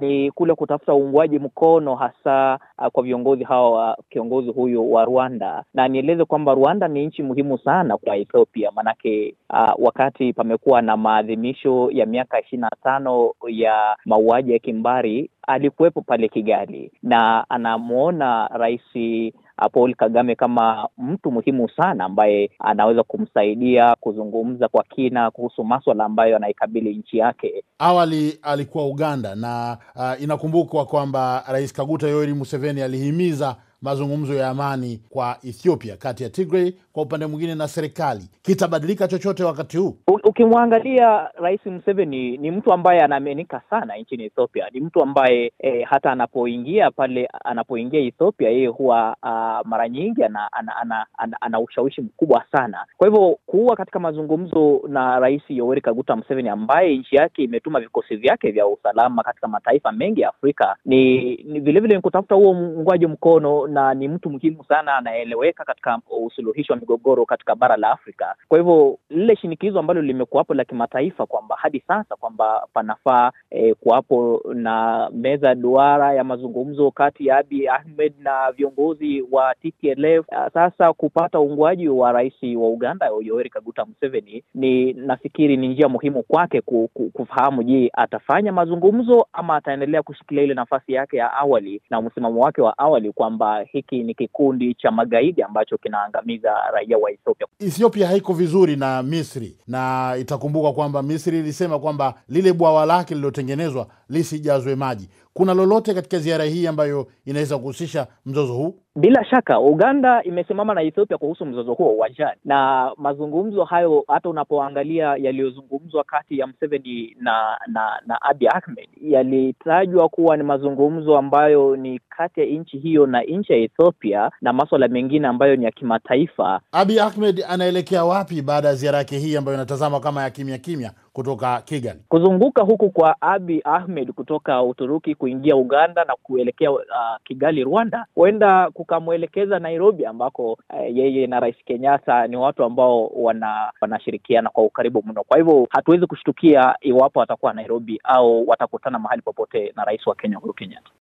ni kule kutafuta uungwaji mkono hasa ah, kwa viongozi hawa wa ah, kiongozi huyu wa Rwanda, na nieleze kwamba Rwanda ni nchi muhimu sana kwa Ethiopia, maanake uh, ah, wakati pamekuwa na maadhimisho ya miaka ishirini na tano ya mauaji ya kimbari alikuwepo pale Kigali na anamwona rais Paul Kagame kama mtu muhimu sana ambaye anaweza kumsaidia kuzungumza kwa kina kuhusu maswala ambayo anaikabili nchi yake. Awali alikuwa Uganda na uh, inakumbukwa kwamba Rais Kaguta Yoweri Museveni alihimiza mazungumzo ya amani kwa Ethiopia kati ya Tigray kwa upande mwingine na serikali. Kitabadilika chochote wakati huu? ukimwangalia Rais Museveni ni mtu ambaye anaaminika sana nchini Ethiopia. Ni mtu ambaye e, hata anapoingia pale anapoingia Ethiopia yeye huwa uh, mara nyingi ana, ana, ana, ana, ana ushawishi mkubwa sana. Kwa hivyo kuwa katika mazungumzo na Rais Yoweri Kaguta Museveni ambaye nchi yake imetuma vikosi vyake vya usalama katika mataifa mengi ya Afrika ni, ni vilevile ni kutafuta huo mungwaji mkono, na ni mtu muhimu sana anaeleweka katika usuluhishi wa migogoro katika bara la Afrika. Kwa hivyo lile shinikizo ambalo limekuwapo la kimataifa kwamba hadi sasa kwamba panafaa e, kuwapo na meza duara ya mazungumzo kati ya Abiy Ahmed na viongozi wa TPLF. Sasa kupata uungwaji wa rais wa Uganda Yoweri Kaguta Museveni ni nafikiri ni njia muhimu kwake kufahamu, je, atafanya mazungumzo ama ataendelea kushikilia ile nafasi yake ya awali na msimamo wake wa awali kwamba hiki ni kikundi cha magaidi ambacho kinaangamiza raia wa Ethiopia. Ethiopia haiko vizuri na Misri na itakumbuka kwamba Misri ilisema kwamba lile bwawa lake lililotengenezwa lisijazwe maji. Kuna lolote katika ziara hii ambayo inaweza kuhusisha mzozo huu? Bila shaka Uganda imesimama na Ethiopia kuhusu mzozo huo uwanjani, na mazungumzo hayo, hata unapoangalia yaliyozungumzwa kati ya Museveni na na, na Abiy Ahmed yalitajwa kuwa ni mazungumzo ambayo ni kati ya nchi hiyo na nchi ya Ethiopia na maswala mengine ambayo ni ya kimataifa. Abiy Ahmed anaelekea wapi baada ya ziara yake hii ambayo inatazama kama ya kimya kimya? kutoka Kigali. Kuzunguka huku kwa Abi Ahmed kutoka Uturuki kuingia Uganda na kuelekea uh, Kigali Rwanda, huenda kukamwelekeza Nairobi ambako uh, yeye na Rais Kenyatta ni watu ambao wana wanashirikiana kwa ukaribu mno. Kwa hivyo hatuwezi kushtukia iwapo watakuwa Nairobi au watakutana mahali popote na rais wa Kenya Uhuru Kenyatta.